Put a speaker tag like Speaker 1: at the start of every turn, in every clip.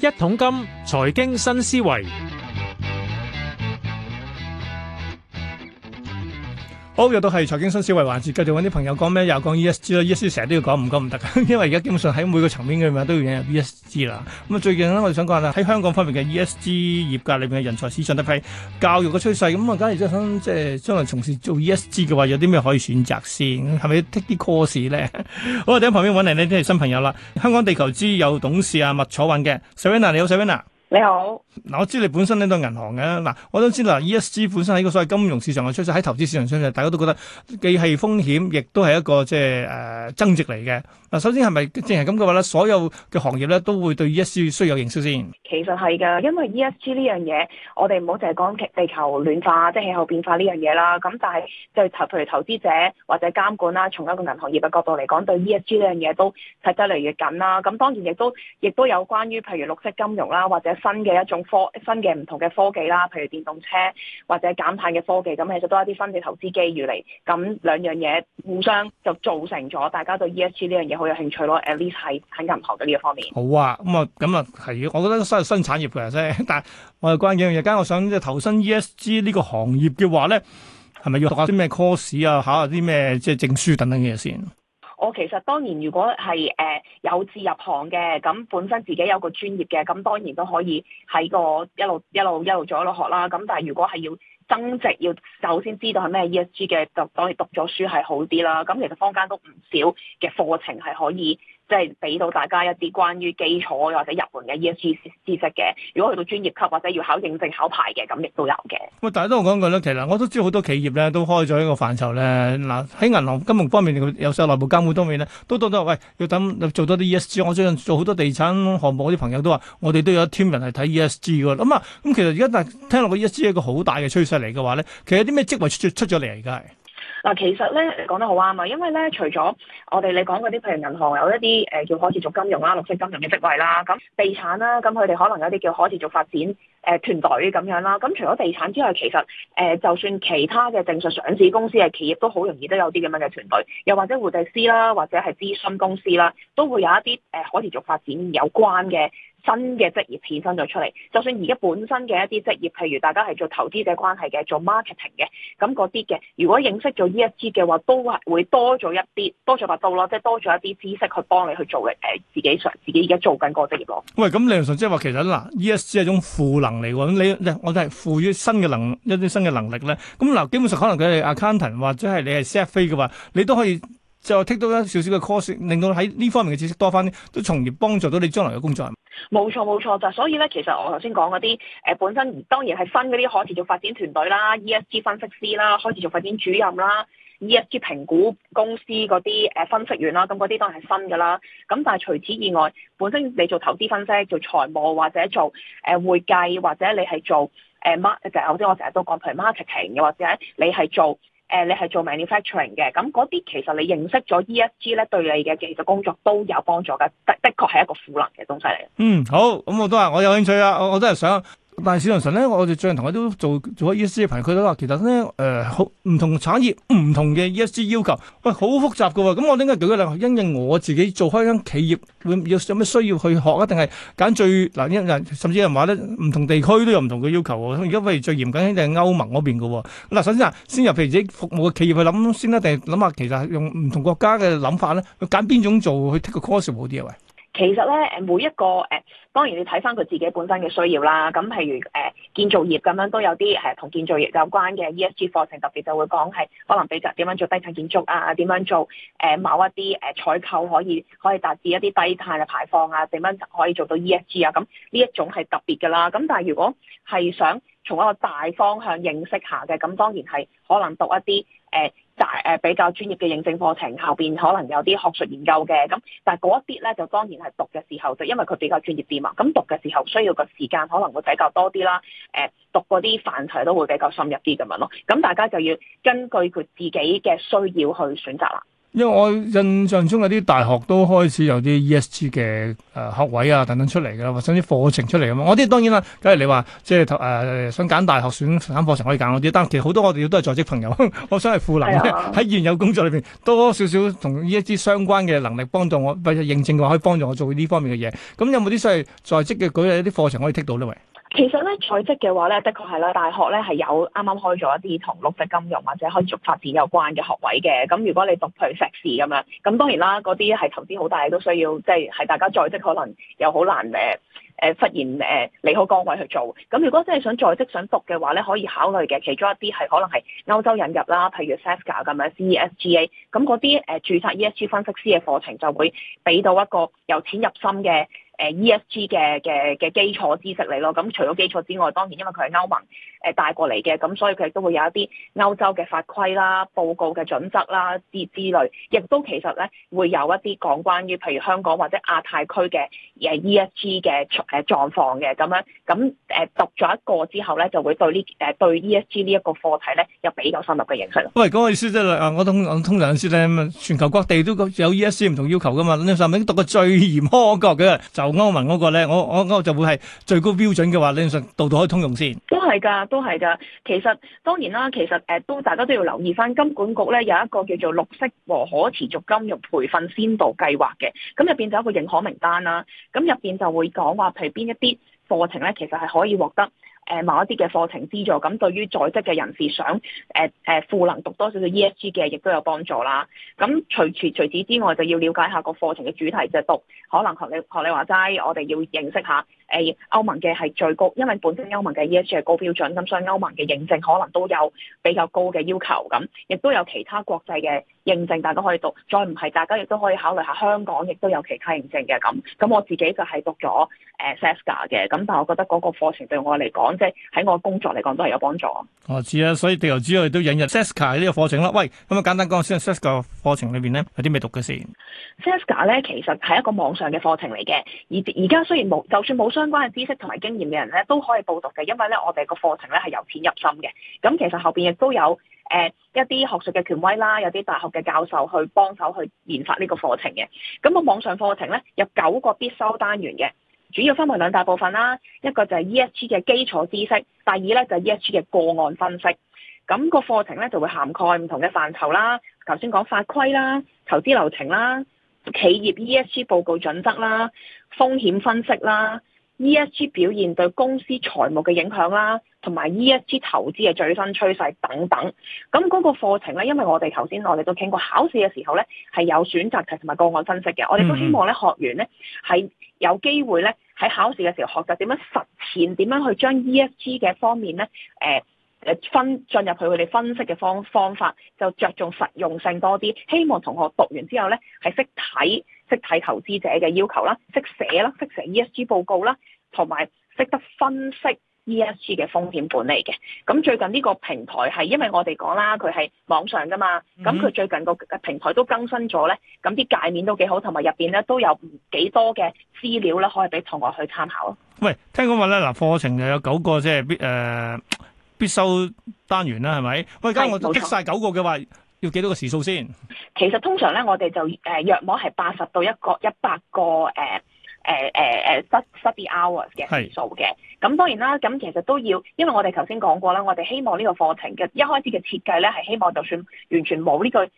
Speaker 1: 一桶金，財經新思維。好、哦、又到係財經新思維環節，繼續揾啲朋友講咩？又講 E S G 啦，E S G 成日都要講，唔講唔得㗎。因為而家基本上喺每個層面嘅話都要引入 E S G 啦。咁啊，最近咧我哋想講下喺香港方面嘅 E S G 業界裏邊嘅人才市場嘅批教育嘅趨勢。咁啊，假如真係想即係將來從事做 E S G 嘅話，有啲咩可以選擇先？係咪要剔啲 course 咧？ 好我哋喺旁邊揾嚟呢啲係新朋友啦，香港地球之友董事啊麥礎允嘅 Svena 你好 Svena。Savannah 你好，嗱，我知你本身咧都係銀行嘅，嗱，我都知道 E S G 本身喺個所謂金融市場嘅趨勢，喺投資市場上就大家都覺得既係風險，亦都係一個即係誒增值嚟嘅。嗱，首先係咪正係咁嘅話咧？所有嘅行業咧都會對 E S G 需要有認識先。
Speaker 2: 其實係嘅，因為 E S G 呢樣嘢，我哋唔好淨係講地球暖化，即係氣候變化呢樣嘢啦。咁但係就投，譬如投資者或者監管啦，從一個銀行業嘅角度嚟講，對 E S G 呢樣嘢都睇得嚟越緊啦。咁當然亦都亦都有關於譬如綠色金融啦，或者，新嘅一種科，新嘅唔同嘅科技啦，譬如電動車或者減碳嘅科技，咁其實都係一啲新嘅投資機遇嚟。咁兩樣嘢互相就造成咗，大家對 ESG 呢樣嘢好有興趣咯。 At least 係喺銀行嘅呢一方面。
Speaker 1: 好啊，咁、嗯、啊，咁啊係，我覺得新新產業嘅啫。但係我哋關鍵，而家我想即係投身 ESG 呢個行業嘅話咧，係咪要讀下啲咩 course 啊，考下啲咩即係證書等等嘅嘢先？
Speaker 2: 我、哦、其實當然，如果係誒、呃、有志入行嘅，咁本身自己有個專業嘅，咁當然都可以喺個一路一路一路做一路學啦。咁但係如果係要增值，要首先知道係咩 ESG 嘅，就當然讀咗書係好啲啦。咁其實坊間都唔少嘅課程係可以。即係俾到大家一啲關於基礎或者入門嘅 ESG 知識嘅。如果去到專業級或者要考認證考牌嘅，咁亦都有嘅。
Speaker 1: 喂，但係都講句啦，其實我都知好多企業咧都開咗一個範疇咧。嗱喺銀行金融方面，有有內部監管方面咧，都都都話：喂，要等做多啲 ESG。我最近做好多地產項目，啲朋友都話：我哋都有一 team 人係睇 ESG 㗎。咁啊，咁其實而家但係聽落個 ESG 一個好大嘅趨勢嚟嘅話咧，其實啲咩職位出咗嚟而家係？
Speaker 2: 啊，其實咧講得好啱啊，因為咧除咗我哋你講嗰啲，譬如銀行有一啲誒叫可持續金融啦、綠色金融嘅職位啦，咁地產啦、啊，咁佢哋可能有啲叫可持續發展。誒團隊咁樣啦，咁、嗯、除咗地產之外，其實誒、呃、就算其他嘅正常上市公司嘅企業都好容易都有啲咁樣嘅團隊，又或者會計師啦，或者係諮詢公司啦，都會有一啲誒、呃、可持續發展有關嘅新嘅職業衍生咗出嚟。就算而家本身嘅一啲職業，譬如大家係做投資者關係嘅，做 marketing 嘅，咁嗰啲嘅，如果認識咗 ESG 嘅話，都會多咗一啲，多咗把刀咯，即係多咗一啲知識去幫你去做嘅、呃、自己上自己而家做緊個職業咯。
Speaker 1: 喂，咁麥生即係話其實嗱 ESG 係一種負能。嚟咁、 嗯、你我哋係賦予新嘅能一啲新嘅能力咧，咁、嗯、嗱，基本上可能佢係 accountant 或者係你係 CFA 嘅話，你都可以就 take 到一少少嘅 course，令到喺呢方面嘅知識多翻啲，都從而幫助到你將來嘅工作。
Speaker 2: 冇錯冇錯，就所以咧，其實我頭先講嗰啲誒本身當然係新嗰啲可持續發展團隊啦，ESG 分析師啦，可持續發展主任啦。E S G 評估公司嗰啲誒分析員啦，咁嗰啲當然係新㗎啦。咁但係除此以外，本身你做投資分析、做財務或者做誒、呃、會計，或者你係做誒 market 就係頭先我成日都講譬如 marketing 嘅，或者，或者你係做誒、呃、你係做 manufacturing 嘅。咁嗰啲其實你認識咗 ESG 咧，對你嘅技術工作都有幫助㗎。的的確係一個負能嘅東西嚟。嗯，
Speaker 1: 好，咁我都係我有興趣啦，我我都係想。但係小良神咧，我哋最近同我都做做咗 ESG 啲朋友佢都話其實咧誒、呃，好唔同產業、唔同嘅 ESG 要求，喂，好複雜嘅喎，哦。咁我點解舉個例？因為我自己做開間企業，會要有咩需要去學啊？定係揀最嗱、呃，甚至有人話咧，唔同地區都有唔同嘅要求喎。而家譬如最嚴謹咧，定係歐盟嗰邊嘅喎。嗱，首先啊、呃，先由譬如自己服務嘅企業去諗先啦，定係諗下其實用唔同國家嘅諗法咧，去揀邊種做去 take 個 course 好啲啊？喂。
Speaker 2: 其實咧，誒每一個誒，當然你睇返佢自己本身嘅需要啦。咁譬如誒、呃、建造業咁樣都有啲誒同建造業有關嘅 ESG 課程，特別就會講係可能比較點樣做低碳建築啊，點樣做誒、呃、某一啲誒、呃、採購可以可以達至一啲低碳嘅排放啊，點樣可以做到 ESG 啊，咁呢一種係特別嘅啦。咁但係如果係想，從一個大方向認識下嘅，咁當然係可能讀一啲誒、呃、大誒、呃、比較專業嘅認證課程，後邊可能有啲學術研究嘅，咁但係嗰一啲咧就當然係讀嘅時候就因為佢比較專業啲嘛，咁讀嘅時候需要嘅時間可能會比較多啲啦，誒、呃、讀嗰啲範疇都會比較深入啲咁樣咯，咁大家就要根據佢自己嘅需要去選擇啦。
Speaker 1: 因為我印象中有啲大學都開始有啲 ESG 嘅誒學位啊等等出嚟噶啦，或者啲課程出嚟啊嘛。我啲當然啦，假如你話即係誒、呃、想揀大學選揀課程，可以揀嗰啲，但係其實好多我哋都係在職朋友， 我想係賦能喺現有工作裏邊多，多少少同 ESG 相關嘅能力幫助我，或者認證嘅話可以幫助我做呢方面嘅嘢。咁有冇啲所謂在職嘅舉例一啲課程可以剔到呢喂？
Speaker 2: 其實咧，在職嘅話咧，的確係啦。大學咧係有啱啱開咗一啲同綠色金融或者可持續發展有關嘅學位嘅。咁如果你讀譬如碩士咁啦，咁當然啦，嗰啲係投資好大，都需要即係係大家在職可能又好難誒誒、呃，忽然誒，離、呃、開崗位去做。咁如果真係想在職想讀嘅話咧，可以考慮嘅其中一啲係可能係歐洲引入啦，譬如 SFGA 咁啊，CESGA。咁嗰啲誒註冊 ESG 分析師嘅課程就會俾到一個由淺入深嘅。誒 E S G 嘅嘅嘅基礎知識嚟咯，咁除咗基礎之外，當然因為佢係歐盟誒帶過嚟嘅，咁所以佢亦都會有一啲歐洲嘅法規啦、報告嘅準則啦之之類，亦都其實咧會有一啲講關於譬如香港或者亞太區嘅誒 E S G 嘅狀誒狀況嘅咁樣，咁誒讀咗一個之後咧，就會對呢誒對 E S G 呢一個課題咧有比較深入嘅認識。唔係
Speaker 1: 講個意思，即係啦，我通我通常先咧，全球各地都有 E S G 唔同要求噶嘛，你係咪讀過最嚴苛嗰個嘅就？歐文嗰個咧，我我我就會係最高標準嘅話，理論上度度可以通用先。
Speaker 2: 都係㗎，都係㗎。其實當然啦，其實誒都、呃、大家都要留意翻金管局咧有一個叫做綠色和可持續金融培訓先導計劃嘅，咁入邊就有一個認可名單啦。咁入邊就會講話，譬如邊一啲課程咧，其實係可以獲得。誒、呃、某一啲嘅課程資助，咁、嗯、對於在職嘅人士想誒誒賦能讀多少少 ESG 嘅，亦都有幫助啦。咁除除除此之外，就要了解下個課程嘅主題就係、讀，可能學你學你話齋，我哋要認識下。誒歐盟嘅係最高，因為本身歐盟嘅 ESG 係高標準，咁所以歐盟嘅認證可能都有比較高嘅要求，咁亦都有其他國際嘅認證，大家可以讀。再唔係，大家亦都可以考慮下香港，亦都有其他認證嘅咁。咁我自己就係讀咗誒 SASCA 嘅，咁但係我覺得嗰個課程對我嚟講，即係喺我工作嚟講都係有幫助。
Speaker 1: 我知、哦、啊，所以地球之友都引入 SASCA 呢個課程啦。喂，咁啊簡單講下先，SASCA 課程裏邊咧有啲咩讀嘅先
Speaker 2: ？SASCA 咧其實係一個網上嘅課程嚟嘅，而而家雖然冇，就算冇。相關嘅知識同埋經驗嘅人咧都可以報讀嘅，因為咧我哋個課程咧係由淺入深嘅。咁其實後邊亦都有誒、呃、一啲學術嘅權威啦，有啲大學嘅教授去幫手去研發呢個課程嘅。咁個網上課程咧有九個必修單元嘅，主要分為兩大部分啦。一個就係 ESG 嘅基礎知識，第二咧就係 ESG 嘅個案分析。咁個課程咧就會涵蓋唔同嘅範疇啦，頭先講法規啦、投資流程啦、企業 ESG 報告準則啦、風險分析啦。ESG 表現對公司財務嘅影響啦，同埋 ESG 投資嘅最新趨勢等等。咁嗰個課程咧，因為我哋頭先我哋都傾過考試嘅時候咧，係有選擇題同埋個案分析嘅。我哋都希望咧，學員咧係有機會咧喺考試嘅時候學習點樣實踐，點樣去將 ESG 嘅方面咧，誒、呃、誒分進入去佢哋分析嘅方方法，就着重實用性多啲。希望同學讀完之後咧係識睇。識睇投資者嘅要求啦，識寫啦，識寫 E S G 報告啦，同埋識得分析 E S G 嘅風險管理嘅。咁最近呢個平台係因為我哋講啦，佢係網上噶嘛，咁佢、嗯、哼最近個平台都更新咗咧，咁啲界面都幾好，同埋入邊咧都有幾多嘅資料咧，可以俾同學去參考咯。
Speaker 1: 喂，聽講話咧，嗱課程就有九個即係必誒、呃、必修單元啦，係咪？喂，而家我讀晒九個嘅話，要幾多個時數先？
Speaker 2: 其實通常咧，我哋就誒、呃，約摸係八十到一個一百個誒誒誒誒 study hours 嘅數嘅。咁、呃呃、是當然啦，咁其實都要，因為我哋頭先講過啦，我哋希望呢個課程嘅一開始嘅設計咧，係希望就算完全冇呢、這個誒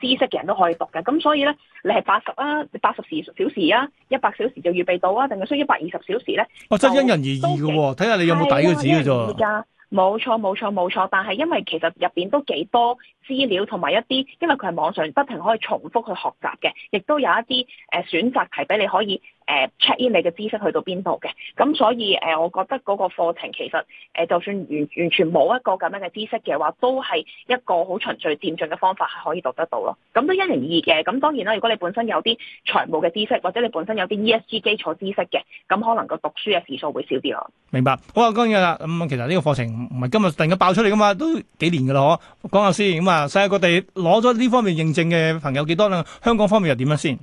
Speaker 2: 知識嘅人都可以讀嘅。咁所以咧，你係八十啊，八十時小時啊，一百小時就預備到啊，定係需要一百二十小時咧？
Speaker 1: 哦，真因人而異嘅，睇就下你有冇抵個紙嘅啫。
Speaker 2: 冇錯冇錯冇錯，但係因為其實入邊都幾多資料，同埋一啲因為佢係網上不停可以重複去學習嘅，亦都有一啲誒選擇題俾你可以。誒、呃、check in 你嘅知識去到邊度嘅，咁、嗯、所以，誒、呃，我覺得嗰個課程其實，誒、呃，就算完完全冇一個咁樣嘅知識嘅話，都係一個好循序漸進嘅方法係可以讀得到咯。咁、嗯、都因人而異嘅，咁、嗯、當然啦，如果你本身有啲財務嘅知識，或者你本身有啲 ESG 基礎知識嘅，咁、嗯、可能個讀書嘅時數會少啲咯。明白，好啊，
Speaker 1: 當然啦。咁、嗯、其實呢個課程唔係今日突然間爆出嚟噶嘛，都幾年噶啦，講下先。咁、嗯、啊，世界各地攞咗呢方面認證嘅朋友幾多啦？香港方面又點樣先？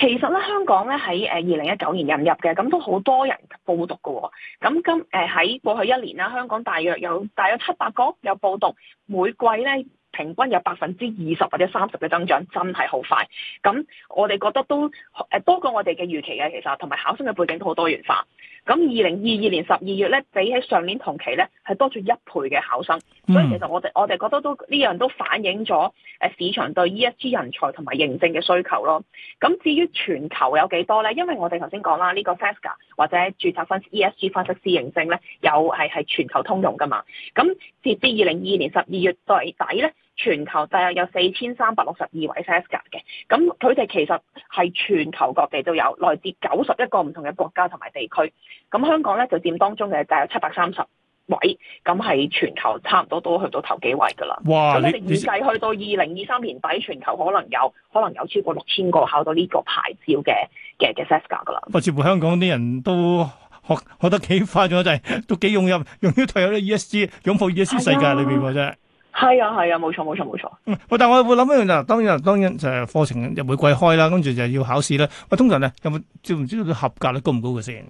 Speaker 2: 其實咧，香港咧喺誒二零一九年引入嘅，咁都好多人報讀嘅、哦。咁、嗯、今誒喺、呃、過去一年啦，香港大約有大約七百個有報讀，每季咧。平均有百分之二十或者三十嘅增長，真係好快。咁我哋覺得都誒、呃、多過我哋嘅預期嘅、啊，其實同埋考生嘅背景都好多元化。咁二零二二年十二月咧，比起上年同期咧，係多咗一倍嘅考生。
Speaker 1: 所以其實我
Speaker 2: 哋我哋覺得都呢樣都反映咗誒、呃、市場對 E S G 人才同埋認證嘅需求咯。咁至於全球有幾多咧？因為我哋頭先講啦，呢、這個 FASCA 或者註冊分 E S G 分析師認證咧，又係係全球通用噶嘛。咁截至二零二二年十二月月底咧。全球大約有四千三百六十二位 SASG 嘅，咁佢哋其實係全球各地都有，來自九十一個唔同嘅國家同埋地區。咁香港咧就佔當中嘅就有七百三十位，咁喺全球差唔多都去到頭幾位㗎啦。哇！咁你計去到二零二三年底，全球可能有可能有超過六千個考到呢個牌照嘅嘅嘅 SASG 㗎啦。不
Speaker 1: 過似乎香港啲人都學學得幾快咗，就係都幾融入融入退休嘅 ESG 擁抱 ESG 世界裏邊㗎啫。
Speaker 2: 係啊係啊，冇錯冇錯冇錯。錯錯
Speaker 1: 嗯，但係我會諗一樣就，當然當然就係課程入每季開啦，跟住就要考試啦。喂，通常咧有冇知唔知道佢合格率高唔高嘅先？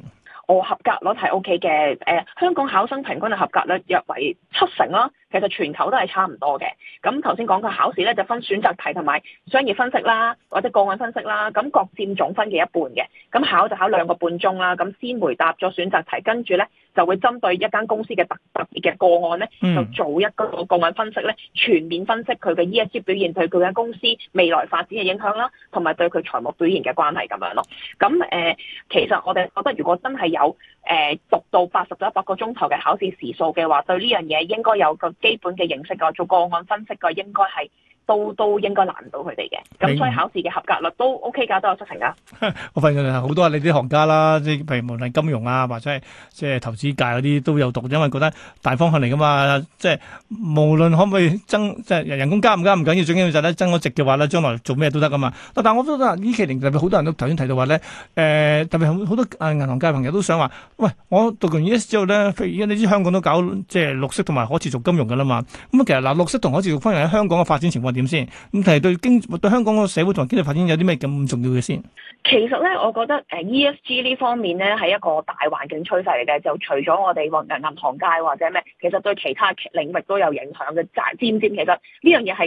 Speaker 2: 我、哦、合格率係 O K 嘅，誒、呃，香港考生平均嘅合格率約為七成啦。其實全球都係差唔多嘅，咁頭先講佢考試咧就分選擇題同埋商業分析啦，或者個案分析啦，咁各佔總分嘅一半嘅，咁考就考兩個半鐘啦，咁先回答咗選擇題，跟住咧就會針對一間公司嘅特特別嘅個案咧，就做一個個案分析咧，全面分析佢嘅 E S G 表現對佢間公司未來發展嘅影響啦，同埋對佢財務表現嘅關係咁樣咯，咁誒、呃、其實我哋覺得如果真係有。誒讀到八十到一百個鐘頭嘅考試時數嘅話，對呢樣嘢應該有個基本嘅認識㗎，做個案分析嘅應該係。都都應該難
Speaker 1: 唔到佢哋嘅，咁所以考試嘅合格率都 OK 㗎，都有出成㗎。 我發現好多你啲行家啦，即係譬如無論金融啊，或者係即係投資界嗰啲都有讀，因為覺得大方向嚟㗎嘛，即係無論可唔可以增即係、就是、人工加唔加唔緊要，最緊要就係咧增咗值嘅話啦，將來做咩都得㗎嘛。啊、但係我都得呢期年特別好多人都頭先提到話咧，誒、呃、特別好多誒銀行界朋友都想話，喂，我讀完 ES 之後咧，而家你知香港都搞即係綠色同埋可持續金融㗎啦嘛。咁其實嗱，綠色同可持續方面喺香港嘅發展情況。點先？咁係對經對香港個社會同經濟發展有啲咩咁重要嘅先？
Speaker 2: 其實咧，我覺得誒，ESG 呢方面咧係一個大環境趨勢嚟嘅。就除咗我哋話銀行界或者咩，其實對其他領域都有影響嘅。漸漸漸，其實呢樣嘢係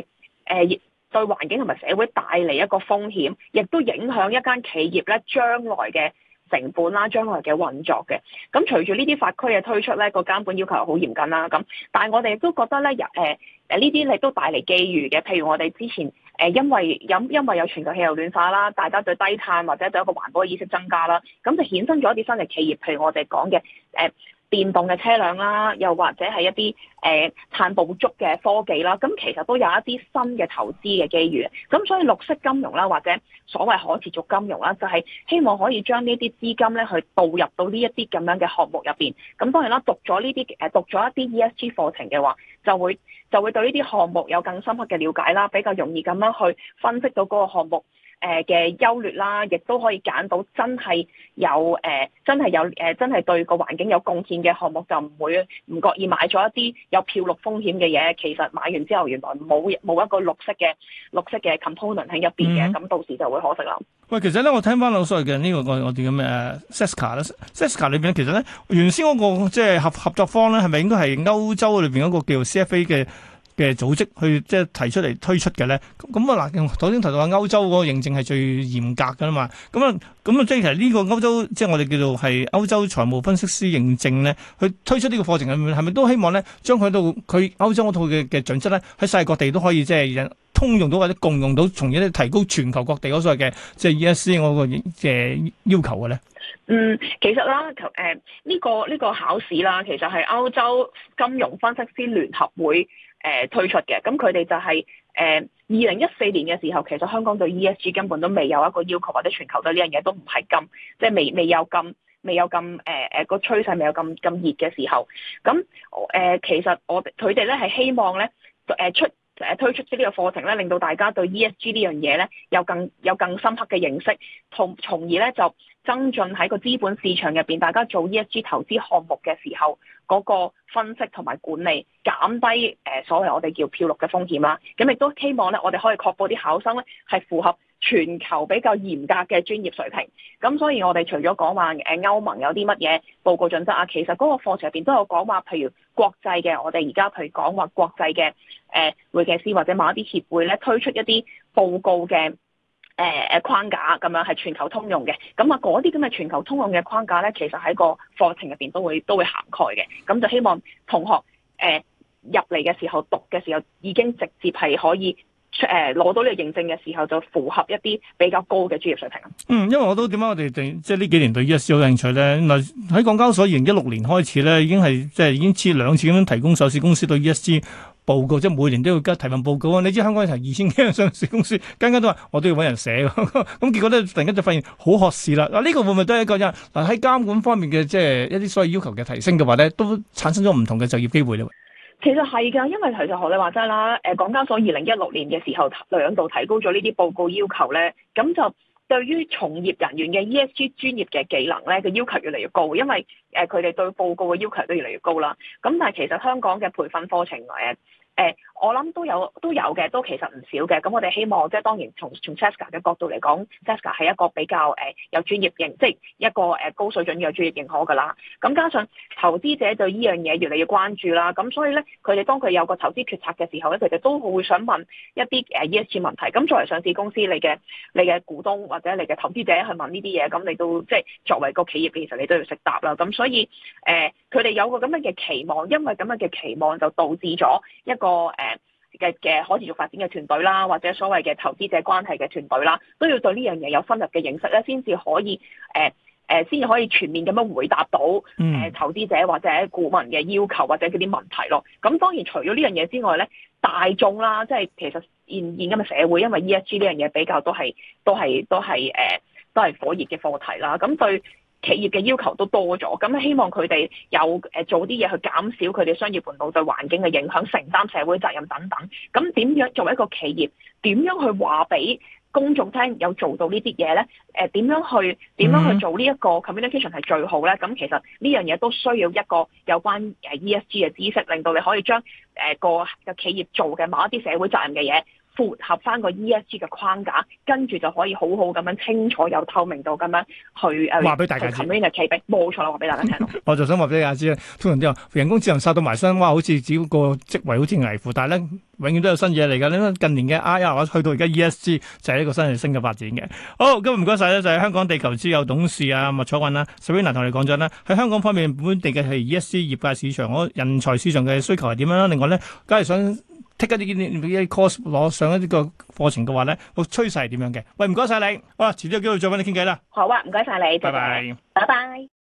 Speaker 2: 誒對環境同埋社會帶嚟一個風險，亦都影響一間企業咧將來嘅。成本啦，將來嘅運作嘅，咁隨住呢啲法規嘅推出咧，個監管要求好嚴謹啦。咁，但係我哋都覺得咧，由誒誒呢啲亦都帶嚟機遇嘅。譬如我哋之前誒、呃，因為因因為有全球氣候暖化啦，大家對低碳或者對一個環保嘅意識增加啦，咁、嗯、就衍生咗一啲新嘅企業，譬如我哋講嘅誒。呃電動嘅車輛啦，又或者係一啲誒碳捕捉嘅科技啦，咁其實都有一啲新嘅投資嘅機遇。咁所以綠色金融啦，或者所謂可持續金融啦，就係希望可以將呢啲資金咧去導入到呢一啲咁樣嘅項目入邊。咁當然啦，讀咗呢啲誒讀咗一啲 ESG 課程嘅話，就會就會對呢啲項目有更深刻嘅了解啦，比較容易咁樣去分析到嗰個項目。誒嘅、呃、優劣啦，亦都可以揀到真係有誒、呃，真係有誒、呃，真係對個環境有貢獻嘅項目，就唔會唔覺意買咗一啲有漂綠風險嘅嘢。其實買完之後，原來冇冇一個綠色嘅綠色嘅 component 喺入邊嘅，咁到時就會可惜啦，嗯。
Speaker 1: 喂，其實咧，我聽翻老細嘅呢個我哋啲咁嘅 CESGA，CESGA 裏邊咧，其實咧，原先嗰、那個即係、就是、合合作方咧，係咪應該係歐洲裏邊嗰個叫 CFA 嘅？嘅組織去即係提出嚟推出嘅咧，咁啊，嗱，頭先提到話歐洲嗰個認證係最嚴格噶啦嘛，咁啊咁啊，即係其實呢個歐洲即係我哋叫做係歐洲財務分析師認證咧，佢推出呢個課程係咪咪都希望咧，將佢到佢歐洲嗰套嘅嘅準則咧喺世界各地都可以即係通用到或者共用到，從而提高全球各地嗰所謂嘅即係 ESG 嗰個嘅要求嘅咧。嗯，
Speaker 2: 其實啦，誒、呃、呢、呢個呢、呢個考試啦，其實係歐洲金融分析師聯合會。誒、呃、推出嘅，咁佢哋就係誒二零一四年嘅時候，其實香港對 ESG 根本都未有一個要求，或者全球對呢樣嘢都唔係咁，即係未未有咁，未有咁誒誒個趨勢未有咁咁熱嘅時候，咁誒、呃、其實我佢哋咧係希望咧誒、呃、出誒、呃、推出出呢個課程咧，令到大家對 ESG 呢樣嘢咧有更有更深刻嘅認識，同從而咧就增進喺個資本市場入邊，大家做 ESG 投資項目嘅時候。嗰個分析同埋管理減低誒、呃、所謂我哋叫漂綠嘅風險啦，咁亦都希望咧，我哋可以確保啲考生咧係符合全球比較嚴格嘅專業水平。咁所以我哋除咗講話誒歐盟有啲乜嘢報告準則啊，其實嗰個課程入邊都有講話，譬如國際嘅我哋而家佢講話國際嘅誒、呃、會計師或者某一啲協會咧推出一啲報告嘅。誒誒、呃、框架咁樣係全球通用嘅。咁啊嗰啲咁嘅全球通用嘅框架咧，其實喺個課程入邊都會都會涵蓋嘅，咁就希望同學誒入嚟嘅時候讀嘅時候已經直接係可以誒攞、呃、到呢個認證嘅時候就符合一啲比較高嘅專業水平。嗯，
Speaker 1: 因為我都點解我哋對即係呢幾年對 ESG 有興趣咧？咁喺港交所二零一六年開始咧，已經係即係已經設兩次咁樣提供上市公司對 ESG。報告即係每年都要交提份報告，你知香港成二千幾間上市公司，間間都話我都要揾人寫，咁結果咧突然間就發現好學士啦。嗱、這、呢個會唔會都係一個即係喺監管方面嘅即係一啲所謂要求嘅提升嘅話咧，都產生咗唔同嘅就業機會咧。
Speaker 2: 其實係㗎，因為其實學你話齋啦，誒港交所二零一六年嘅時候兩度提高咗呢啲報告要求咧，咁就。對於從業人員嘅 ESG 專業嘅技能咧，嘅要求越嚟越高，因為誒佢哋對報告嘅要求都越嚟越高啦。咁但係其實香港嘅培訓課程誒。誒，我諗都有都有嘅，都其實唔少嘅。咁我哋希望即係當然，從從 CESGA 嘅角度嚟講，CESGA 係一個比較誒有專業認，即係一個誒高水準嘅有專業認可㗎啦。咁加上投資者對呢樣嘢越嚟越關注啦，咁所以咧，佢哋當佢有個投資決策嘅時候咧，其實都會想問一啲誒 ESG 問題。咁作為上市公司，你嘅你嘅股東或者你嘅投資者去問呢啲嘢，咁你都即係作為個企業其實你都要識答啦。咁所以誒，佢哋有個咁樣嘅期望，因為咁樣嘅期望就導致咗一。個誒嘅嘅可持續發展嘅團隊啦，或者所謂嘅投資者關係嘅團隊啦，都要對呢樣嘢有深入嘅認識咧，先至可以誒誒，先至可以全面咁樣回答到誒投資者或者顧問嘅要求或者嗰啲問題咯。咁當然除咗呢樣嘢之外咧，大眾啦，即係其實現現今嘅社會，因為 ESG 呢樣嘢比較都係都係都係誒都係火熱嘅課題啦。咁對。企業嘅要求都多咗，咁希望佢哋有誒、呃、做啲嘢去減少佢哋商業活動對環境嘅影響，承擔社會責任等等。咁點樣作為一個企業，點樣去話俾公眾聽有做到呢啲嘢呢？誒、呃、點樣去點樣去做呢一個 communication 係最好呢？咁、mm hmm. 其實呢樣嘢都需要一個有關 ESG 嘅知識，令到你可以將誒、呃、個嘅企業做嘅某一啲社會責任嘅嘢。配合翻個 E S G 嘅框架，跟住就可以好好咁樣清楚、有透明度咁樣去誒。話俾大家聽 commun，冇錯啦！話俾大家
Speaker 1: 聽， 我就想話俾大家知啦。通常都後，人工智能殺到埋身，哇！好似只要個職位好似危乎，但係咧，永遠都有新嘢嚟㗎。呢近年嘅 I R 去到而家 E S G 就係一個新嘅新嘅發展嘅。好，今日唔該晒，咧，就係、是、香港地球之友董事啊麥礎允啦、啊、Sarina 同你講咗啦，喺香港方面本地嘅係 E S G 業界市場嗰人才市場嘅需求係點樣啦？另外咧，梗係想。即嗰啲呢啲呢啲 course 攞上一啲個課程嘅話咧，個趨勢係點樣嘅？喂，唔該晒你。哇，遲啲有機會再揾你傾偈啦。
Speaker 2: 好啊，唔該晒你。拜拜。拜拜。拜拜拜拜。